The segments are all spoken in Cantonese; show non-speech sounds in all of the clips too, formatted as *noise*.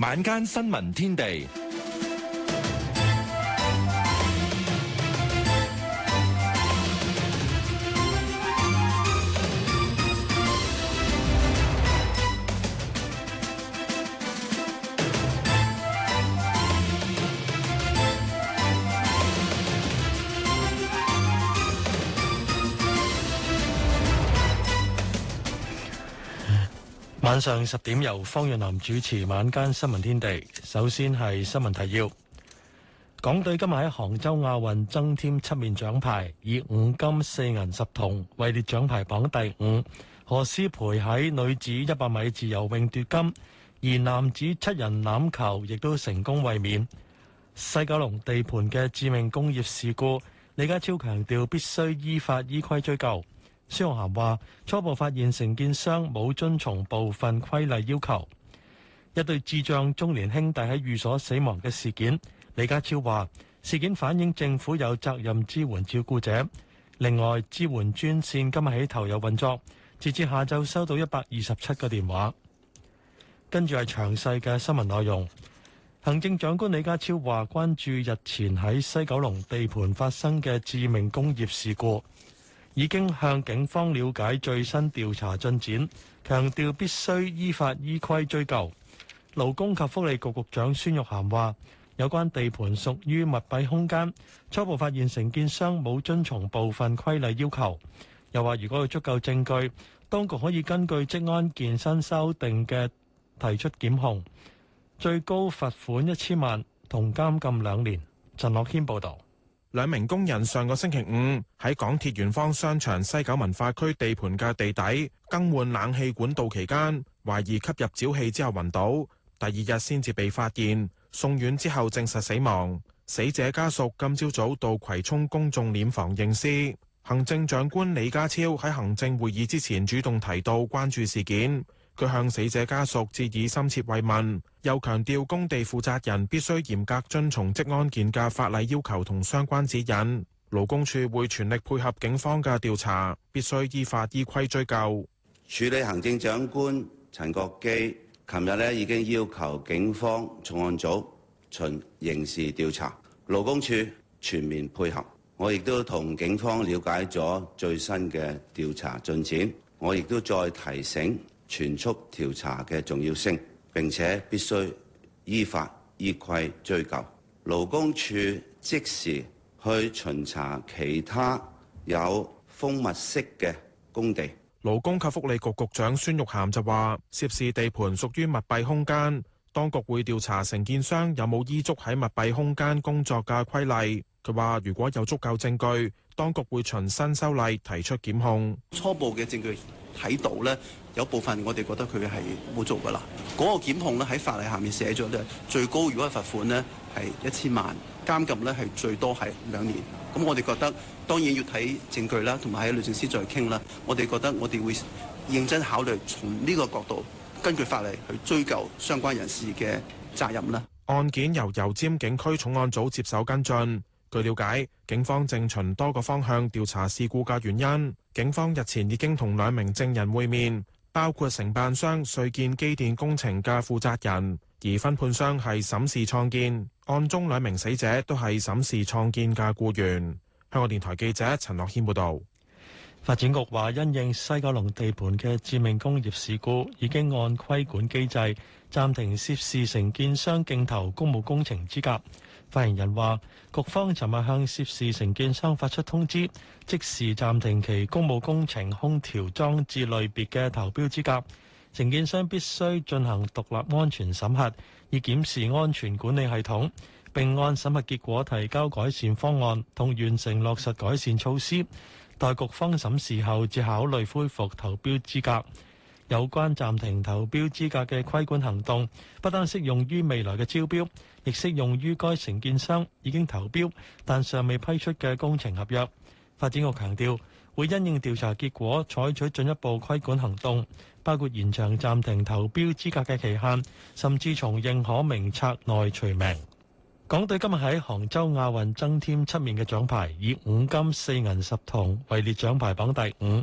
晚間新聞天地。晚上十點由方若南主持晚間新聞天地。首先係新聞提要：港隊今日喺杭州亞運增添七面獎牌，以五金四銀十銅位列獎牌榜第五。何詩蓓喺女子一百米自由泳奪金，而男子七人欖球亦都成功衛冕。西九龍地盤嘅致命工業事故，李家超強調必須依法依規追究。肖浩涵話：初步發現承建商冇遵從部分規例要求。一對智障中年兄弟喺寓所死亡嘅事件，李家超話事件反映政府有責任支援照顧者。另外支援專線今日起投入運作，截至下晝收到一百二十七個電話。跟住係詳細嘅新聞內容。行政長官李家超話關注日前喺西九龍地盤發生嘅致命工業事故。已經向警方了解最新調查進展，強調必須依法依規追究。勞工及福利局局長孫玉菡話：有關地盤屬於密閉空間，初步發現承建商冇遵從部分規例要求。又話：如果有足夠證據，當局可以根據《職安健身》修訂嘅提出檢控，最高罰款一千萬同監禁兩年。陳樂軒報導。兩名工人上個星期五喺港鐵圓方商場西九文化區地盤嘅地底更換冷氣管道期間，懷疑吸入沼氣之後暈倒，第二日先至被發現，送院之後證實死亡。死者家屬今朝早到葵涌公眾殮房認屍。行政長官李家超喺行政會議之前主動提到關注事件。佢向死者家屬致以深切慰問，又強調工地負責人必須嚴格遵從職安健嘅法例要求同相關指引。勞工處會全力配合警方嘅調查，必須依法依規追究處理。行政長官陳國基琴日咧，已經要求警方重案組循刑事調查，勞工處全面配合。我亦都同警方了解咗最新嘅調查進展，我亦都再提醒。全速調查嘅重要性，並且必須依法依規追究。勞工處即時去巡查其他有封閉式嘅工地。勞工及福利局局，局長孫玉菡就話，涉事地盤屬於密閉空間，當局會調查承建商有冇依足喺密閉空間工作嘅規例。佢話：如果有足夠證據，當局會循新修例提出檢控。初步嘅證據。喺度咧，有部分我哋覺得佢係冇做噶啦。嗰個檢控咧，喺法例下面寫咗咧，最高如果罰款咧係一千萬監禁咧係最多係兩年。咁我哋覺得當然要睇證據啦，同埋喺律政司再傾啦。我哋覺得我哋會認真考慮從呢個角度，根據法例去追究相關人士嘅責任啦。案件由油尖警區重案組接手跟進。據了解，警方正循多個方向調查事故嘅原因。警方日前已經同兩名證人會面，包括承辦商瑞建機電工程嘅負責人，而分判商係沈氏創建。案中兩名死者都係沈氏創建嘅僱員。香港電台記者陳樂謙報道。發展局話，因應西九龍地盤嘅致命工業事故，已經按規管機制暫停涉事承建商競投公務工程資格。發言人話，局方尋日向涉事承建商發出通知，即時暫停其公務工程空調裝置類別嘅投標資格。承建商必須進行獨立安全審核，以檢視安全管理系統，並按審核結果提交改善方案，同完成落實改善措施，待局方審視後，至考慮恢復投標資格。有關暫停投標資格嘅規管行動，不單適用於未來嘅招標，亦適用於該承建商已經投標但尚未批出嘅工程合約。發展局強調，會因應調查結果採取進一步規管行動，包括延長暫停投標資格嘅期限，甚至從認可名冊內除名。港隊今日喺杭州亞運增添七面嘅獎牌，以五金四銀十銅位列獎牌榜第五。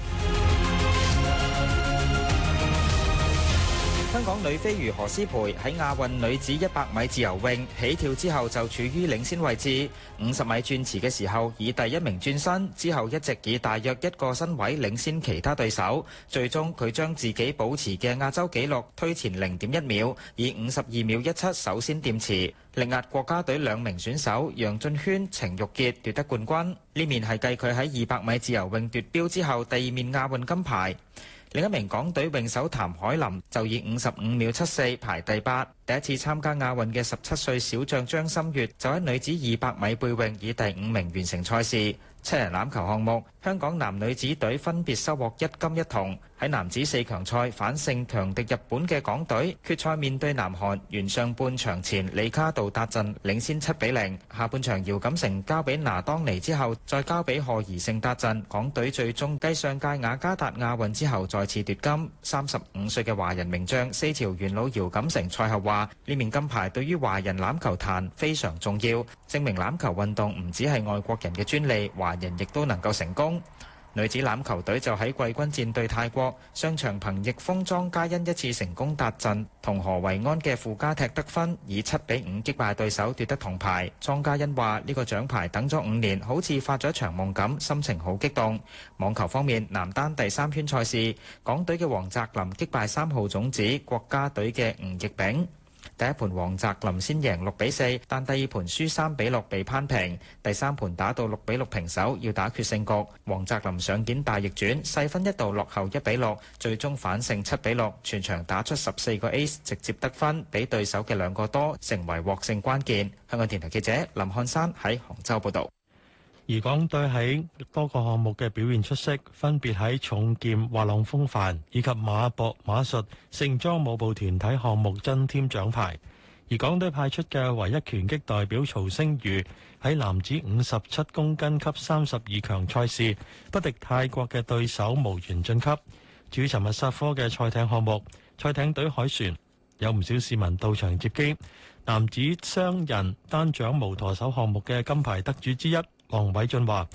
香港女飛魚何詩蓓喺亞運女子一百米自由泳起跳之後就處於領先位置，五十米轉池嘅時候以第一名轉身，之後一直以大約一個身位領先其他對手，最終佢將自己保持嘅亞洲紀錄推前零點一秒，以五十二秒一七首先掂池，力壓國家隊兩名選手楊俊軒、程玉潔奪得冠軍。呢面係繼佢喺二百米自由泳奪標之後第二面亞運金牌。另一名港隊泳手譚海琳就以五十五秒七四排第八。第一次參加亞運嘅十七歲小將張心月就喺女子二百米背泳以第五名完成賽事。七人欖球項目。香港男女子隊分別收穫一金一銅。喺男子四強賽反勝強敵日本嘅港隊決賽面對南韓原，上半場前李卡道達陣領先七比零，下半場姚錦成交俾拿當尼之後再交俾賀怡勝達陣，港隊最終繼上屆雅加達亞運之後再次奪金。三十五歲嘅華人名將四朝元老姚錦成賽後話，呢面金牌對於華人欖球壇非常重要，證明欖球運動唔止係外國人嘅專利，華人亦都能夠成功。女子欖球隊就喺季軍戰對泰國，商場憑逆風莊嘉欣一次成功達陣，同何維安嘅附加踢得分，以七比五擊敗對手奪得銅牌。莊嘉欣話：呢個獎牌等咗五年，好似發咗一場夢咁，心情好激動。網球方面，男單第三圈賽事，港隊嘅黃澤林擊敗三號種子國家隊嘅吳易昺。第一盤王澤林先贏六比四，但第二盤輸三比六被扳平。第三盤打到六比六平手，要打決勝局。王澤林上片大逆轉，細分一度落後一比六，最終反勝七比六，全場打出十四個 Ace，直接得分比對手嘅兩個多，成為獲勝關鍵。香港電台記者林漢山喺杭州報導。而港隊喺多個項目嘅表現出色，分別喺重劍、滑浪風帆以及馬博馬術盛裝舞步團體項目增添獎牌。而港隊派出嘅唯一拳擊代表曹星如喺男子五十七公斤級三十二強賽事不敵泰國嘅對手，無緣晉級。至於尋日殺科嘅賽艇項目，賽艇隊凱旋有唔少市民到場接機。男子雙人單槳無舵手項目嘅金牌得主之一。王偉俊話：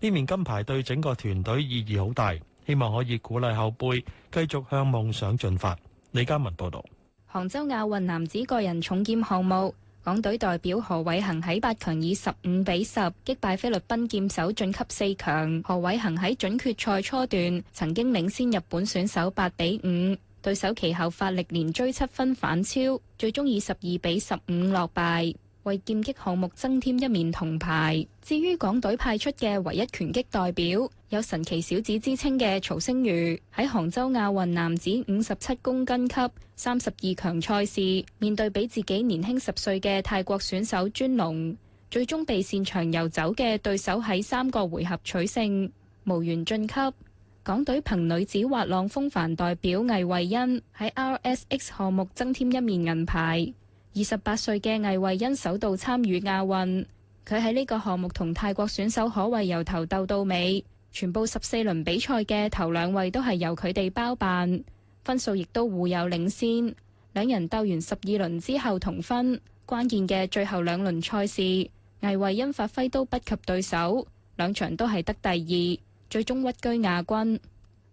呢面金牌對整個團隊意義好大，希望可以鼓勵後輩繼續向夢想進發。李家文報道。杭州亞運男子個人重劍項目，港隊代表何偉恆喺八強以十五比十擊敗菲律賓劍手晉級四強。何偉恆喺準決賽初段曾經領先日本選手八比五，對手其後發力連追七分反超，最終以十二比十五落敗。為劍擊項目增添一面銅牌。至於港隊派出嘅唯一拳擊代表，有神奇小子之稱嘅曹星如，喺杭州亞運男子五十七公斤級三十二強賽事，面對比自己年輕十歲嘅泰國選手尊龍，最終被擅長游走嘅對手喺三個回合取勝，無緣晉級。港隊憑女子滑浪風帆代表魏惠恩，喺 RSX 項目增添一面銀牌。二十八歲嘅魏惠恩首度參與亞運，佢喺呢個項目同泰國選手可謂由頭鬥到尾，全部十四輪比賽嘅頭兩位都係由佢哋包辦，分數亦都互有領先。兩人鬥完十二輪之後同分，關鍵嘅最後兩輪賽事，魏惠恩發揮都不及對手，兩場都係得第二，最終屈居亞軍。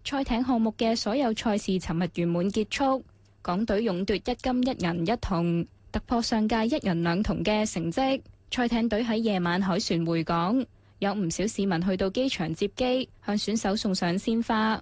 賽艇項目嘅所有賽事尋日圓滿結束，港隊勇奪一金一銀一銅。突破上屆一人兩銅嘅成績，賽艇隊喺夜晚海船回港，有唔少市民去到機場接機，向選手送上鮮花。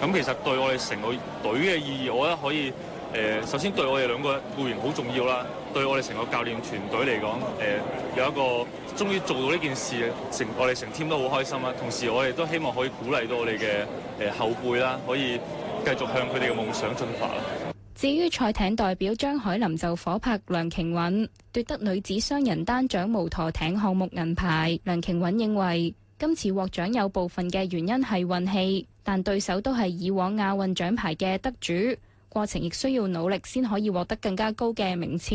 咁其實對我哋成個隊嘅意義，我覺得可以誒、呃，首先對我哋兩個顧員好重要啦，對我哋成個教練團隊嚟講，誒、呃、有一個終於做到呢件事，成我哋成 team 都好開心啦。同時我哋都希望可以鼓勵到我哋嘅誒後輩啦，可以繼續向佢哋嘅夢想進發。至於賽艇代表張海林就夥拍梁瓊韻奪得女子雙人單槳無舵艇項目銀牌。梁瓊韻認為今次獲獎有部分嘅原因係運氣。但對手都係以往亞運獎牌嘅得主，過程亦需要努力先可以獲得更加高嘅名次。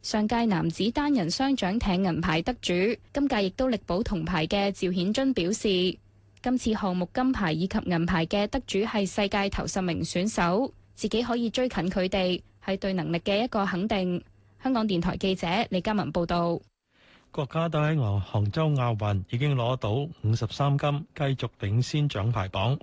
上屆男子單人雙槳艇銀牌得主，今屆亦都力保銅牌嘅趙顯津表示：今次項目金牌以及銀牌嘅得主係世界頭十名選手，自己可以追近佢哋，係對能力嘅一個肯定。香港電台記者李嘉文報道。國家隊喺杭州亞運已經攞到五十三金，繼續領先獎牌榜。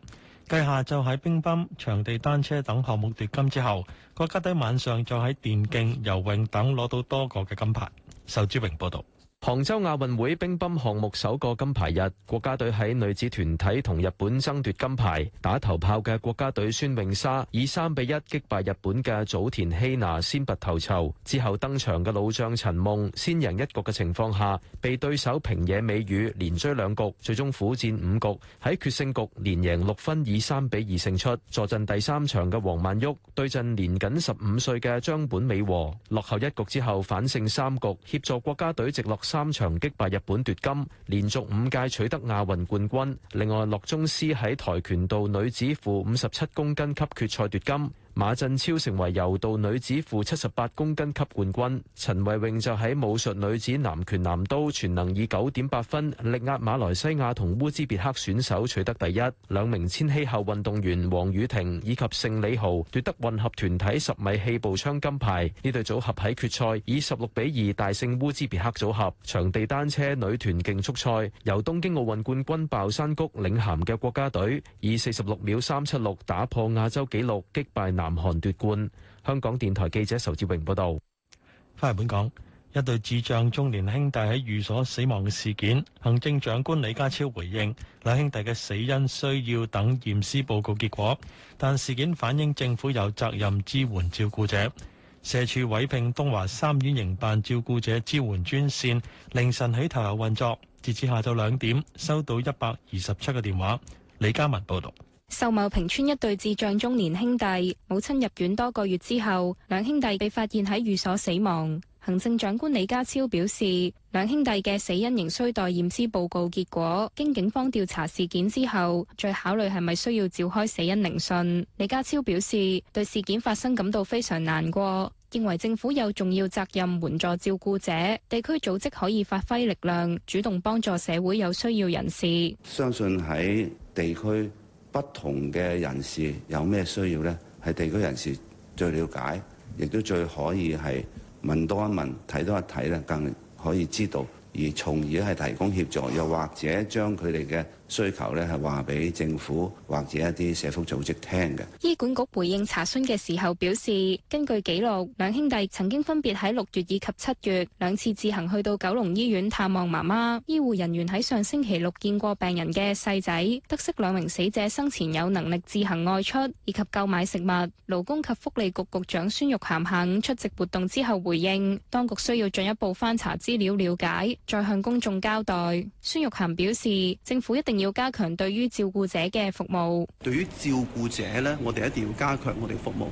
繼下晝喺乒乓、場地單車等項目奪金之後，國家隊晚上再喺電競、游泳等攞到多個嘅金牌。仇志榮報道。杭州亞運會乒乓項目首個金牌日，國家隊喺女子團體同日本爭奪金牌。打頭炮嘅國家隊孫穎莎以三比一擊敗日本嘅早田希娜，先拔頭籌。之後登場嘅老將陳夢，先贏一局嘅情況下，被對手平野美宇連追兩局，最終苦戰五局喺決勝局連贏六分，以三比二勝出。坐鎮第三場嘅王曼昱對陣年僅十五歲嘅張本美和，落後一局之後反勝三局，協助國家隊直落三場擊敗日本奪金，連續五屆取得亞運冠軍。另外，駱宗詩喺跆拳道女子負五十七公斤級決賽奪金。馬振超成為柔道女子負七十八公斤級冠軍，陳慧穎就喺武術女子南拳南刀全能以九點八分力壓馬來西亞同烏茲別克選手取得第一。兩名千禧後運動員黃雨婷以及盛李豪奪得混合團體十米氣步槍金牌。呢對組合喺決賽以十六比二大勝烏茲別克組合。場地單車女團競速賽由東京奧運冠軍，軍鮑珊菊領銜嘅國家隊以四十六秒三七六打破亞洲紀錄，擊敗南南韓奪冠。香港電台記者仇志榮報道。翻嚟本港，一對智障中年兄弟喺寓所死亡嘅事件，行政長官李家超回應：兩兄弟嘅死因需要等驗屍報告結果，但事件反映政府有責任支援照顧者。社署委聘東華三院營辦照顧者支援專線，凌晨起投入運作，截至下晝兩點，收到一百二十七個電話。李家文報道。秀茂坪村一對智障中年兄弟，母親入院多個月之後，兩兄弟被發現喺寓所死亡。行政長官李家超表示，兩兄弟嘅死因仍需待驗屍報告結果。經警方調查事件之後，再考慮係咪需要召開死因聆訊。李家超表示，對事件發生感到非常難過，認為政府有重要責任援助照顧者，地區組織可以發揮力量，主動幫助社會有需要人士。相信喺地區。不同嘅人士有咩需要呢？係地區人士最了解，亦都最可以係問多一問、睇多一睇咧，更可以知道，而從而係提供協助，又或者將佢哋嘅。需求咧係話俾政府或者一啲社福組織聽嘅。醫管局回應查詢嘅時候表示，根據記錄，兩兄弟曾經分別喺六月以及七月兩次自行去到九龍醫院探望媽媽，醫護人員喺上星期六見過病人嘅細仔，得悉兩名死者生前有能力自行外出以及購買食物。勞工及福利局局長孫玉涵下午出席活動之後回應，當局需要進一步翻查資料了解，再向公眾交代。孫玉涵表示，政府一定。要加強對於照顧者嘅服務，對於照顧者呢，我哋一定要加強我哋服務，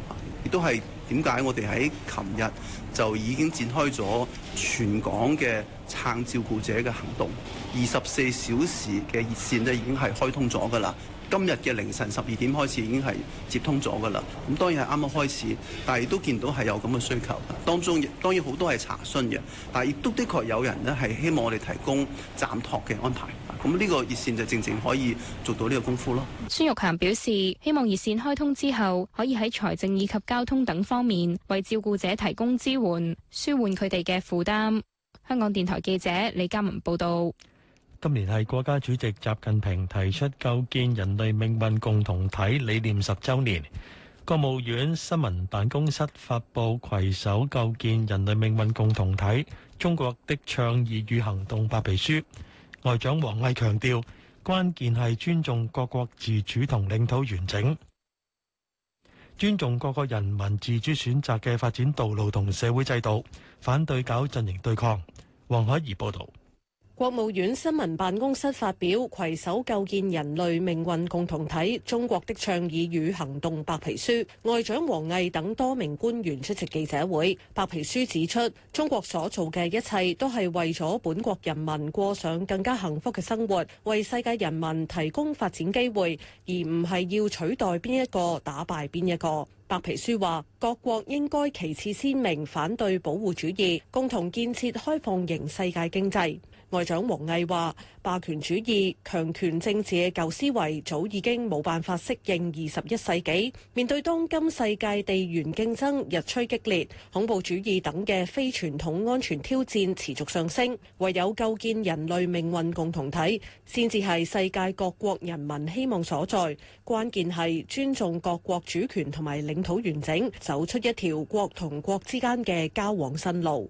亦都係點解我哋喺琴日就已經展開咗全港嘅撐照顧者嘅行動，二十四小時嘅熱線呢已經係開通咗噶啦。今日嘅凌晨十二點開始已經係接通咗噶啦，咁當然係啱啱開始，但係亦都見到係有咁嘅需求，當中當然好多係查詢嘅，但係亦都的確有人咧係希望我哋提供暫託嘅安排，咁，啊，呢個熱線就正正可以做到呢個功夫咯。孫玉菡表示，希望熱線開通之後，可以喺財政以及交通等方面為照顧者提供支援，舒緩佢哋嘅負擔。香港電台記者李嘉文報道。今年係國家主席習近平提出構建人類命運共同體理念十周年。國務院新聞辦公室發布《携手構建人類命運共同體：中國的倡議與行動》白皮書。外長王毅強調，關鍵係尊重各國自主同領土完整，尊重各國人民自主選擇嘅發展道路同社會制度，反對搞陣營對抗。王海怡報道。國務院新聞辦公室發表《攜手構建人類命運共同體：中國的倡議與行動》白皮書，外長王毅等多名官員出席記者會。白皮書指出，中國所做嘅一切都係為咗本國人民過上更加幸福嘅生活，為世界人民提供發展機會，而唔係要取代邊一個、打敗邊一個。白皮書話，各國應該旗幟鮮明反對保護主義，共同建設開放型世界經濟。外長王毅話：霸權主義、強權政治嘅舊思維早已經冇辦法適應二十一世紀。面對當今世界地緣競爭日趨激烈、恐怖主義等嘅非傳統安全挑戰持續上升，唯有構建人類命運共同體，先至係世界各國人民希望所在。關鍵係尊重各國主權同埋領土完整，走出一條國同國之間嘅交往新路。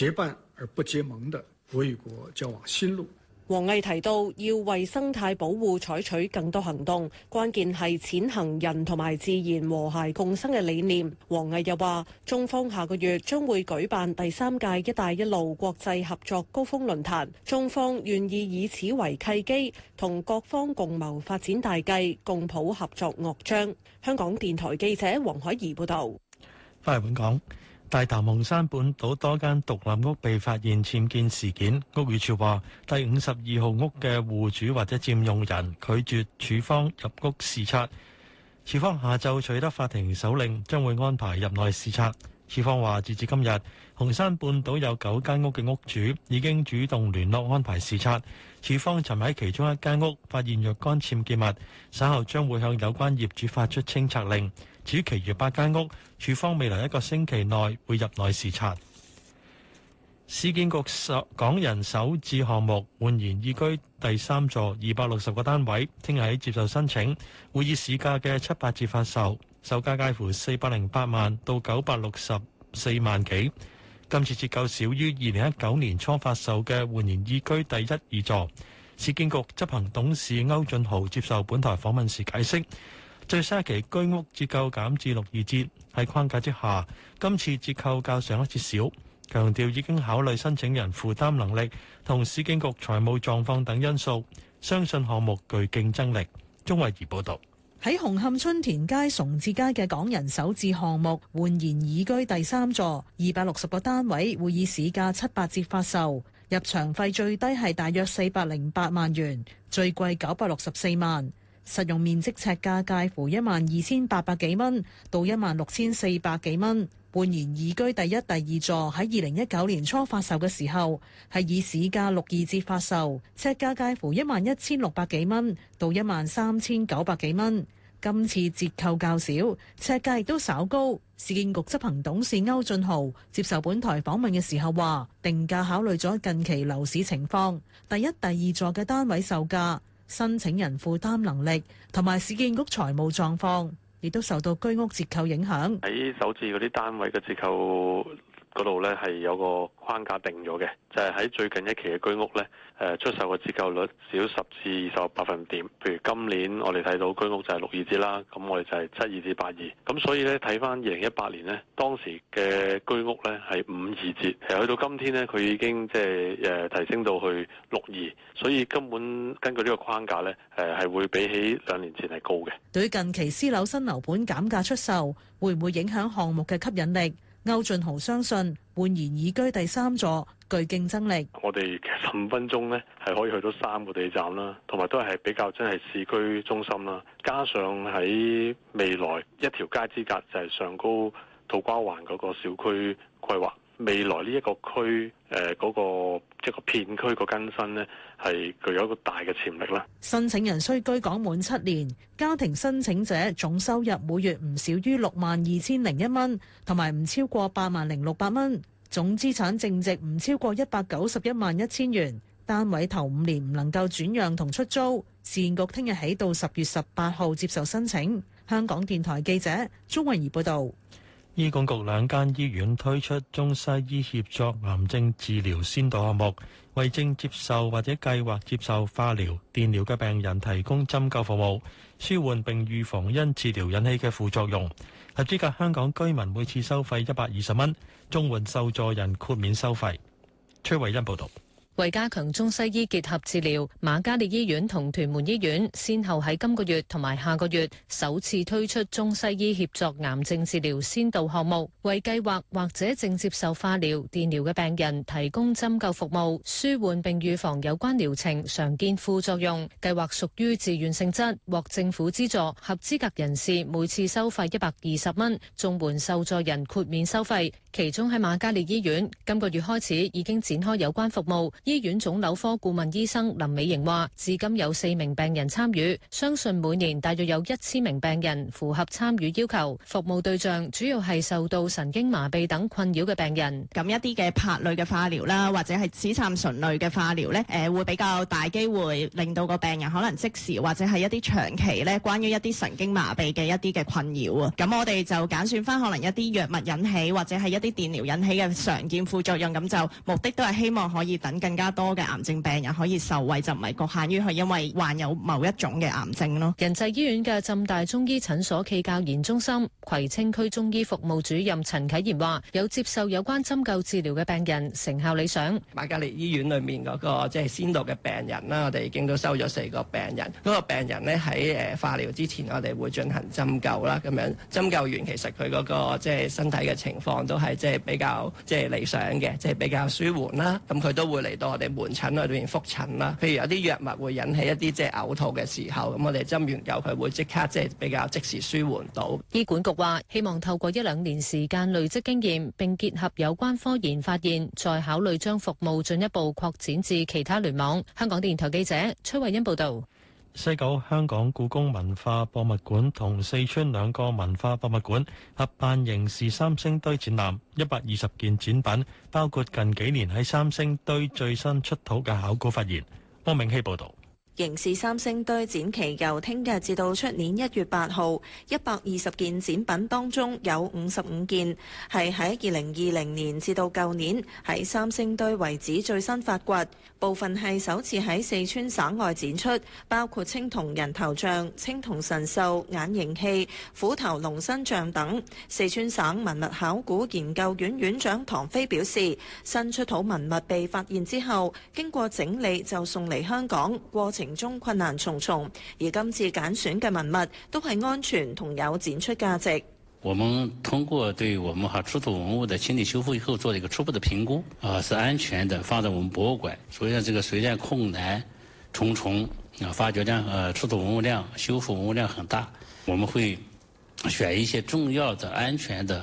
結伴而不結盟的國與國交往新路。王毅提到，要為生態保護採取更多行動，關鍵係踐行人同埋自然和諧共生嘅理念。王毅又話，中方下個月將會舉辦第三屆“一帶一路”國際合作高峰論壇，中方願意以此為契機，同各方共謀發展大計，共譜合作樂章。香港電台記者黃海怡報道。翻嚟本港。大潭紅山半島多間獨立屋被發現僭建事件，屋宇署話第五十二號屋嘅戶主或者佔用人拒絕署方入屋視察，署方下晝取得法庭手令，將會安排入內視察。署方話截至今日，紅山半島有九間屋嘅屋主已經主動聯絡安排視察，署方尋喺其中一間屋發現若干僭建物，稍後將會向有關業主發出清拆令。至於其餘下八間屋，署方未來一個星期內會入內視察。市建局首港人首置項目煥然懿居第三座二百六十個單位，聽日喺接受申請，會以市價嘅七八折發售，售價介乎四百零八萬到九百六十四萬幾。今次折扣少於二零一九年初發售嘅煥然懿居第一二座。市建局執行董事歐俊豪接受本台訪問時解釋。最新一期居屋折扣減,減至六二折，喺框架之下，今次折扣較上一次少。強調已經考慮申請人負擔能力同市建局財務狀況等因素，相信項目具競爭力。鍾慧儀報道，喺紅磡春田街崇志街嘅港人首置項目，煥然懿居第三座，二百六十個單位會以市價七八折發售，入場費最低係大約四百零八萬元，最貴九百六十四萬。實用面積尺價介乎一萬二千八百幾蚊到一萬六千四百幾蚊，煥然壹居第一、第二座喺二零一九年初發售嘅時候，係以市價六二折發售，尺價介乎一萬一千六百幾蚊到一萬三千九百幾蚊。今次折扣較少，尺價亦都稍高。市建局執行董事歐俊豪接受本台訪問嘅時候話，定價考慮咗近期樓市情況，第一、第二座嘅單位售價。申請人負擔能力同埋市建局財務狀況，亦都受到居屋折扣影響。喺首置嗰啲單位嘅折扣。 *noise* *noise* 嗰度咧係有個框架定咗嘅，就係喺最近一期嘅居屋咧，誒出售嘅折扣率少十至二十百分點。譬如今年我哋睇到居屋就係六二折啦，咁我哋就係七二至八二。咁所以咧睇翻二零一八年呢當時嘅居屋咧係五二折，其實去到今天咧佢已經即係誒提升到去六二，所以根本根據呢個框架咧，誒係會比起兩年前係高嘅。對於近期私樓新樓盤減價出售，會唔會影響項目嘅吸引力？歐俊豪相信，煥然懿居第三座，具競爭力。我哋十五分鐘呢，係可以去到三個地鐵站啦，同埋都係比較真係市區中心啦。加上喺未來一條街之隔就係上高土瓜灣嗰個小區規劃。 *noise* 未來呢一個區誒嗰個一個片區個更新呢，係具有一個大嘅潛力啦。申請人需居港滿七年，家庭申請者總收入每月唔少於六萬二千零一蚊，同埋唔超過八萬零六百蚊，總資產淨值唔超過一百九十一萬一千元，單位頭五年唔能夠轉讓同出租。事務局聽日起到十月十八號接受申請。香港電台記者朱慧儀報道。醫管局兩間醫院推出中西醫協作癌症治療先導項目，為正接受或者計劃接受化療、電療嘅病人提供針灸服務，舒緩並預防因治療引起嘅副作用。合資格香港居民每次收費一百二十蚊，綜援受助人豁免收費。崔慧欣報道。為加強中西醫結合治療，瑪嘉烈醫院同屯門醫院先後喺今個月同埋下個月首次推出中西醫協作癌症治療先導項目，為計劃或者正接受化療、電療嘅病人提供針灸服務，舒緩並預防有關療程常見副作用。計劃屬於自願性質，獲政府資助合資格人士每次收費一百二十蚊，綜援受助人豁免收費。其中喺瑪嘉烈醫院，今個月開始已經展開有關服務。醫院腫瘤科顧問醫生林美瑩話，至今有四名病人參與，相信每年大約有一千名病人符合參與要求。服務對象主要係受到神經麻痹等困擾嘅病人。咁一啲嘅鉑類嘅化療啦，或者係紫杉醇類嘅化療呢，誒、呃，會比較大機會令到個病人可能即時或者係一啲長期咧，關於一啲神經麻痹嘅一啲嘅困擾啊。咁我哋就揀選翻可能一啲藥物引起或者係一啲電療引起嘅常見副作用，咁就目的都係希望可以等緊。更加多嘅癌症病人可以受惠，就唔係局限於係因為患有某一種嘅癌症咯。仁濟醫院嘅浸大中醫診所暨教研中心葵青區中醫服務主任陳啟賢話，有接受有關針灸治療嘅病人，成效理想。瑪嘉烈醫院裏面嗰、那個即係、就是、先度嘅病人啦，我哋已經都收咗四個病人。嗰、那個病人咧喺誒化療之前，我哋會進行針灸啦，咁樣針灸完，其實佢嗰、那個即係、就是、身體嘅情況都係即係比較即係、就是、理想嘅，即、就、係、是、比較舒緩啦。咁佢都會嚟到我哋門診嗰度驗覆診啦，譬如有啲藥物會引起一啲即係嘔吐嘅時候，咁我哋針完灸佢會即刻即係比較即時舒緩到。醫管局話：希望透過一兩年時間累積經驗，並結合有關科研發現，再考慮將服務進一步擴展至其他聯網。香港電台記者崔慧欣報道。西九香港故宮文化博物館同四川兩個文化博物館合辦凝視三星堆展覽，一百二十件展品包括近幾年喺三星堆最新出土嘅考古發現。郭明希報道。凝視三星堆展期由聽日至到出年一月八號，一百二十件展品當中有五十五件係喺二零二零年至到舊年喺三星堆遺址最新發掘，部分係首次喺四川省外展出，包括青銅人頭像、青銅神獸眼形器、虎頭龍身像等。四川省文物考古研究院院長唐飛表示，新出土文物被發現之後，經過整理就送嚟香港，過程。中困難重重，而今次揀選嘅文物都係安全同有展出價值。我們通過對我們哈出土文物的清理修復以後，做了一個初步的評估，啊，是安全的，放在我們博物館。所以呢，這個雖然困難重重，啊，發掘量、呃，出土文物量、修復文物量很大，我們會選一些重要的、安全的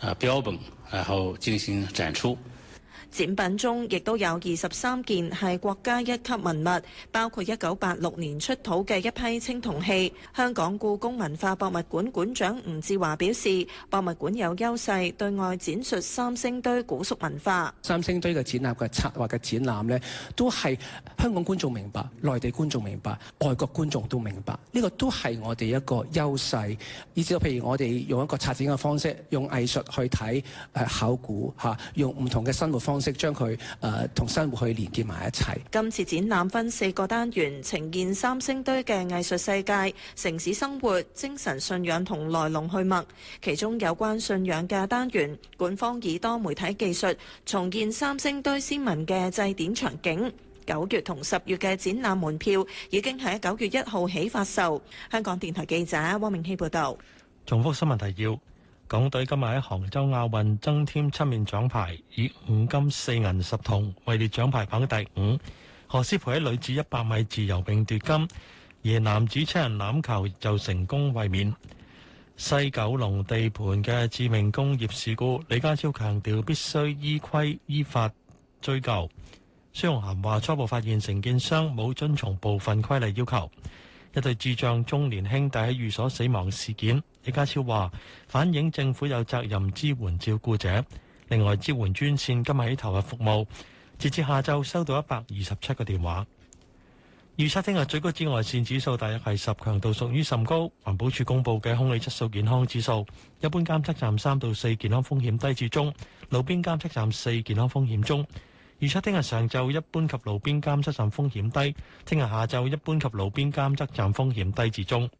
啊標本，然後進行展出。展品中亦都有二十三件係國家一級文物，包括一九八六年出土嘅一批青銅器。香港故宮文化博物館館長吳志華表示，博物館有優勢，對外展述三星堆古蜀文化。三星堆嘅展覽嘅策劃嘅展覽咧，都係香港觀眾明白，內地觀眾明白，外國觀眾都明白，呢、這個都係我哋一個優勢。以至到譬如我哋用一個策展嘅方式，用藝術去睇誒考古吓，用唔同嘅生活方式。式將佢誒同生活去以連結埋一齊。今次展覽分四個單元，呈現三星堆嘅藝術世界、城市生活、精神信仰同來龍去脈。其中有關信仰嘅單元，館方以多媒體技術重建三星堆先民嘅祭典場景。九月同十月嘅展覽門票已經喺九月一號起發售。香港電台記者汪明希報導。重複新聞提要。港隊今日喺杭州亞運增添七面獎牌，以五金四銀十銅位列獎牌榜第五。何詩蓓喺女子一百米自由泳奪金，而男子七人欖球就成功衛冕。西九龍地盤嘅致命工業事故，李家超強調必須依規依法追究。孫玉菡話初步發現承建商冇遵從部分規例要求。一對智障中年兄弟喺寓所死亡事件。李家超話反映政府有責任支援照顧者。另外，支援專線今日起投入服務，截至下晝收到一百二十七個電話。預測聽日最高紫外線指數大約係十，強度屬於甚高。環保署公布嘅空氣質素健康指數，一般監測站三到四，健康風險低至中；路邊監測站四，健康風險中。預測聽日上晝一般及路邊監測站風險低，聽日下晝一般及路邊監測站風險低至中。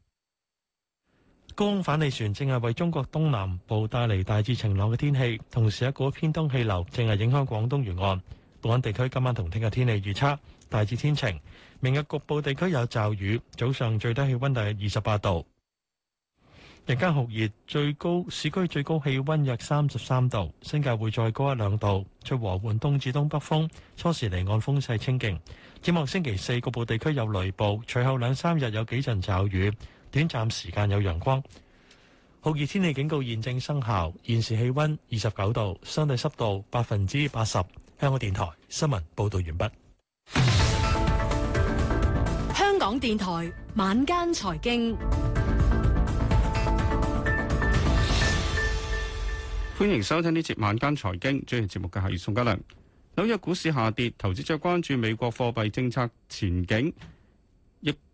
高空反氣旋正係為中國東南部帶嚟大致晴朗嘅天氣，同時一股偏東氣流正係影響廣東沿岸。本港地區今晚同聽日天氣預測大致天晴，明日局部地區有驟雨，早上最低氣溫大約二十八度，日間酷熱，最高市區最高氣溫約三十三度，新界會再高一兩度。出和緩東至東北風，初時離岸風勢清勁。展望星期四，局部地區有雷暴，隨後兩三日有幾陣驟雨。短暫時間有陽光，酷熱天氣警告現正生效。現時氣温二十九度，相對濕度百分之八十。香港電台新聞報道完畢。香港電台晚間財經，歡迎收聽呢節晚間財經。主持節目嘅係宋家良。紐約股市下跌，投資者關注美國貨幣政策前景。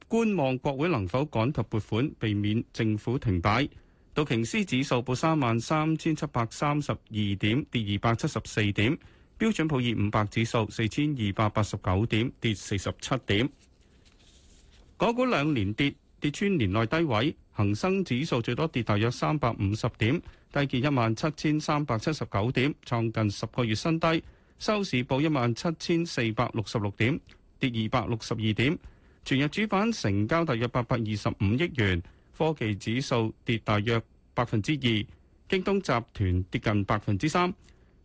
觀望國會能否趕及撥款，避免政府停擺。道瓊斯指數報3萬3,732點，跌二百七十四點。標準普爾500指數四千二百八十九點，跌四十七點。港股兩年跌，跌穿年內低位。恒生指數最多跌大約三百五十點，低見一萬七千三百七十九點，創近十個月新低。收市報一萬七千四百六十六點，跌二百六十二點。全日主板成交大約八百二十五億元，科技指數跌大約百分之二，京東集團跌近百分之三，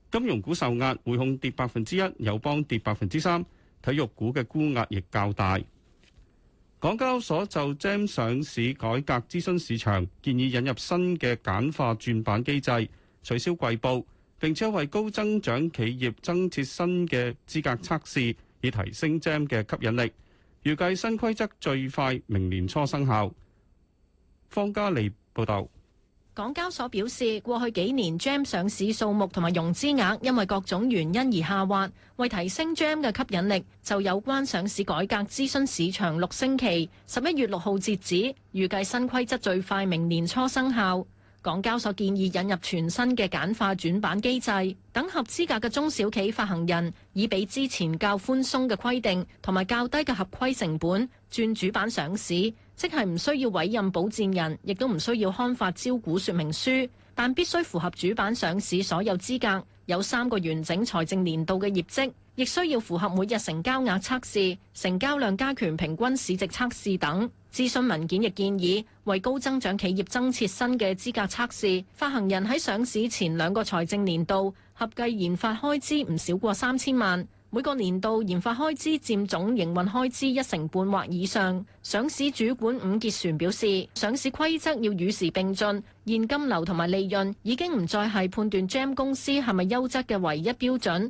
金融股受壓，匯控跌百分之一，友邦跌百分之三，體育股嘅沽壓亦較大。港交所就 GEM 上市改革諮詢市場，建議引入新嘅簡化轉板機制，取消季報，並且為高增長企業增設新嘅資格測試，以提升 GEM 嘅吸引力。預計新規則最快明年初生效。方家利報道，港交所表示，過去幾年 GEM 上市數目同埋融資額因為各種原因而下滑，為提升 GEM 嘅吸引力，就有關上市改革諮詢市場六星期，十一月六號截止，預計新規則最快明年初生效。港交所建議引入全新嘅簡化轉板機制，等合資格嘅中小企發行人，以比之前較寬鬆嘅規定同埋較低嘅合規成本，轉主板上市，即係唔需要委任保薦人，亦都唔需要刊發招股說明書，但必須符合主板上市所有資格，有三個完整財政年度嘅業績，亦需要符合每日成交額測試、成交量加權平均市值測試等。諮詢文件亦建議為高增長企業增設新嘅資格測試，發行人喺上市前兩個財政年度合計研發開支唔少過三千萬，每個年度研發開支佔總營運開支一成半或以上。上市主管伍潔璇表示，上市規則要與時並進，現金流同埋利潤已經唔再係判斷 GEM 公司係咪優質嘅唯一標準。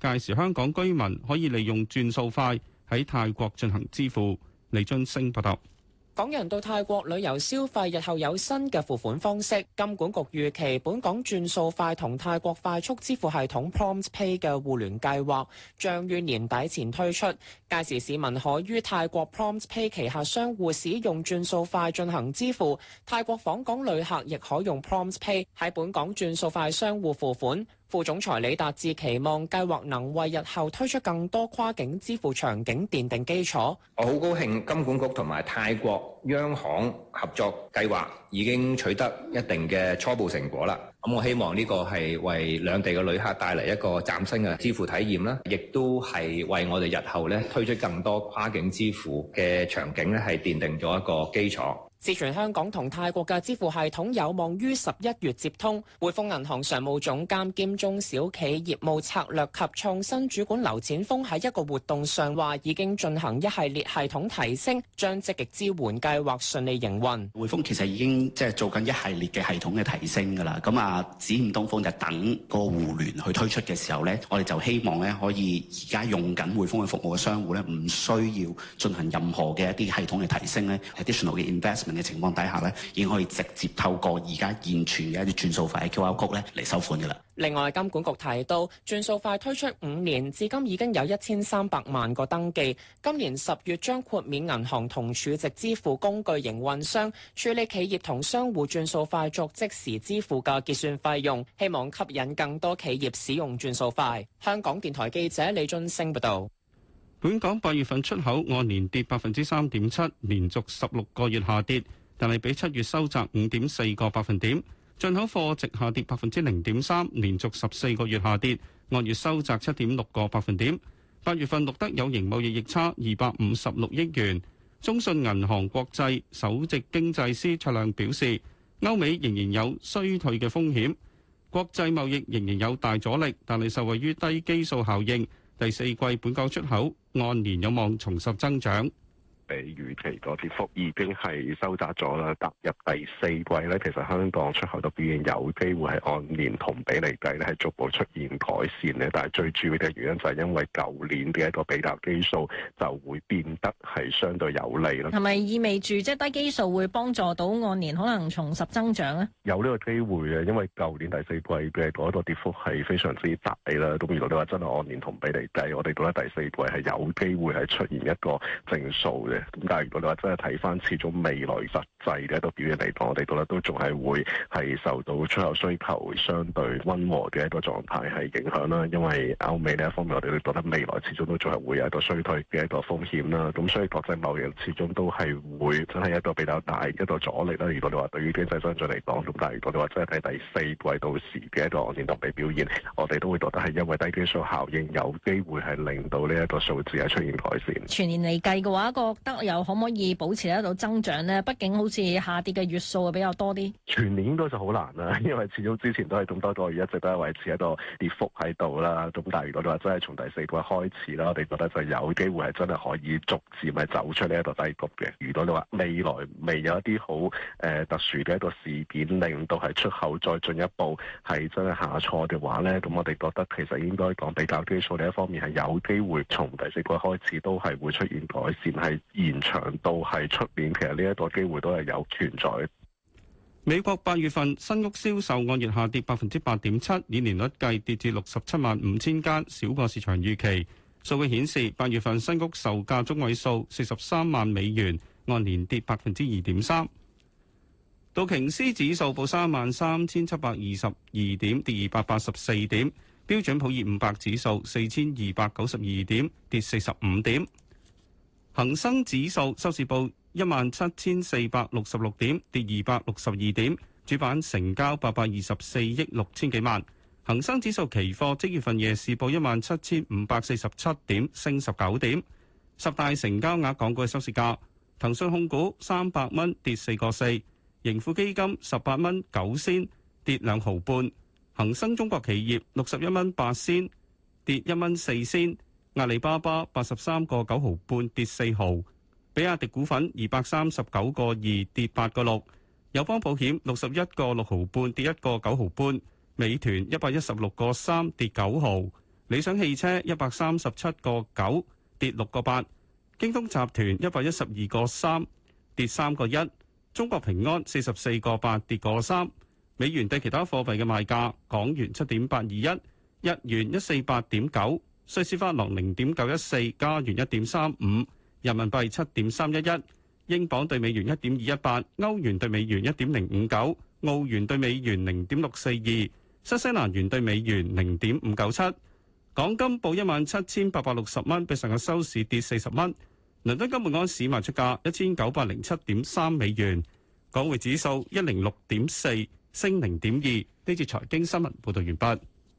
屆時香港居民可以利用轉數快喺泰國進行支付。李俊升報道，港人到泰國旅遊消費日後有新嘅付款方式。金管局預期本港轉數快同泰國快速支付系統 PromptPay 嘅互聯計劃將於年底前推出。屆時市民可於泰國 PromptPay 旗下商戶使用轉數快進行支付。泰國訪港旅客亦可用 PromptPay 喺本港轉數快商戶付款。副總裁李達志期望計劃能為日後推出更多跨境支付場景奠定基礎。我好高興金管局同埋泰國央行合作計劃已經取得一定嘅初步成果啦。咁我希望呢個係為兩地嘅旅客帶嚟一個嶄新嘅支付體驗啦，亦都係為我哋日後呢推出更多跨境支付嘅場景呢，係奠定咗一個基礎。自傳香港同泰國嘅支付系統有望於十一月接通。匯豐銀行常務總監兼中小企業務策略及創新主管劉展峰喺一個活動上話已經進行一系列系統提升，將積極支援計劃順利營運。匯豐其實已經即係、就是、做緊一系列嘅系統嘅提升噶啦。咁啊，只欠東風就等個互聯去推出嘅時候咧，我哋就希望咧可以而家用緊匯豐嘅服務嘅商戶咧，唔需要進行任何嘅一啲系統嘅提升咧。Additional 嘅 investment。嘅情況底下呢，已經可以直接透過而家現存嘅一啲轉數快喺 QR Code 咧嚟收款噶啦。另外，金管局提到，轉數快推出五年，至今已經有一千三百萬個登記。今年十月將豁免銀行同儲值支付工具營運商處理企業同商戶轉數快作即時支付嘅結算費用，希望吸引更多企業使用轉數快。香港電台記者李俊升報道。本港八月份出口按年跌百分之三點七，連續十六個月下跌，但係比七月收窄五點四個百分點。進口貨值下跌百分之零點三，連續十四個月下跌，按月收窄七點六個百分點。八月份錄得有形貿易逆差二百五十六億元。中信銀行國際首席經濟師卓亮表示，歐美仍然有衰退嘅風險，國際貿易仍然有大阻力，但係受惠於低基數效應。第四季本港出口按年有望重拾增長。比預期個跌幅已經係收窄咗啦，踏入第四季咧，其實香港出口嘅表現有機會係按年同比嚟計咧，係逐步出現改善咧。但係最主要嘅原因就係因為舊年嘅一個比較基數就會變得係相對有利咯。係咪意味住即係低基數會幫助到按年可能重拾增長咧？有呢個機會嘅，因為舊年第四季嘅嗰個跌幅係非常之大啦。咁如果你話真係按年同比嚟計，我哋覺得第四季係有機會係出現一個正數嘅。咁但係如果你話真係睇翻，始終未來實際嘅一個表現嚟講，我哋都覺得都仲係會係受到出口需求相對溫和嘅一個狀態係影響啦。因為歐美呢一方面，我哋都覺得未來始終都仲係會有一個衰退嘅一個風險啦。咁所以國際貿易始終都係會真係一個比較大一個阻力啦。如果你話對於經濟相對嚟講，咁但係如果你話真係睇第四季到時嘅一個年狀嘅表現，我哋都會覺得係因為低基數效應，有機會係令到呢一個數字係出現改善。全年嚟計嘅話，個又可唔可以保持喺度增長咧？畢竟好似下跌嘅月數啊比較多啲，全年應該就好難啦，因為始終之前都係咁多個月一直都係維持一個跌幅喺度啦。咁但係如果你話真係從第四季開始啦，我哋覺得就有機會係真係可以逐漸係走出呢一個低谷嘅。如果你話未來未有一啲好誒特殊嘅一個事件令到係出口再進一步係真係下挫嘅話咧，咁我哋覺得其實應該講比較基礎呢一方面係有機會從第四季開始都係會出現改善係。延長到係出面，其實呢一個機會都係有存在。美國八月份新屋銷售按月下跌百分之八點七，以年，年率計跌至六十七萬五千間，少過市場預期。數據顯示，八月份新屋售價中位數四十三萬美元，按年跌百分之二點三。道瓊斯指數報三萬三千七百二十二點，跌二百八十四點。標準普爾五百指數四千二百九十二點，跌四十五點。恒生指數收市報一萬七千四百六十六點，跌二百六十二點。主板成交八百二十四億六千幾萬。恒生指數期貨即月份夜市報一萬七千五百四十七點，升十九點。十大成交額港股嘅收市價：騰訊控股三百蚊跌四個四，盈富基金十八蚊九仙跌兩毫半，恒生中國企業六十一蚊八仙跌一蚊四仙。阿里巴巴八十三個九毫半跌四毫，比亞迪股份二百三十九個二跌八個六，友邦保險六十一個六毫半跌一個九毫半，美團一百一十六個三跌九毫，理想汽車一百三十七個九跌六個八，京東集團一百一十二個三跌三個一，中國平安四十四個八跌個三，美元兌其他貨幣嘅賣價，港元七點八二一，日元一四八點九。瑞士法郎零點九一四，加元一點三五，人民幣七點三一一，英鎊對美元一點二一八，歐元對美元一點零五九，澳元對美元零點六四二，新西蘭元對美元零點五九七。港金報一萬七千八百六十蚊，比上日收市跌四十蚊。倫敦金本安市賣出價一千九百零七點三美元，港匯指數一零六點四升零點二。呢次財經新聞報道完畢。